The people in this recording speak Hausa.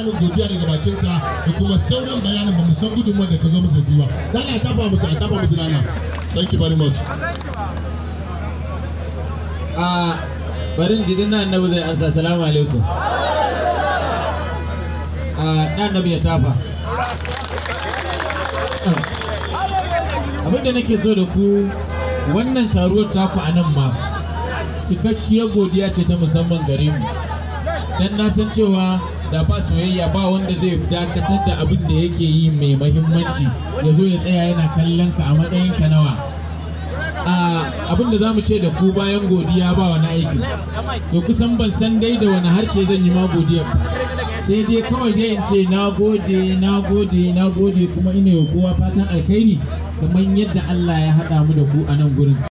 ƙarin godiya daga bakin ka da kuma sauran bayanin ba mu san gudunmuwa da ka zo musu da ba a tafa musu a tafa musu rana thank you very much a ah, barin jidin na annabi zai ansa salamu alaikum a ah, na annabi ya tafa abinda nake so da ku wannan taruwar taku a nan ma cikakkiyar godiya ce ta musamman gare mu don na san cewa da ba soyayya ba wanda zai dakatar da abin da yake yi mai mahimmanci ya zo ya tsaya yana kallon ka a matsayin ka nawa abin da za mu ce da ku bayan godiya ba wani aiki to kusan ban san dai da wani harshe zan yi ma godiya sai dai kawai dai in ce na gode na gode na gode kuma ina yi kowa fatan alkhairi kamar yadda Allah ya haɗa mu da ku a nan gurin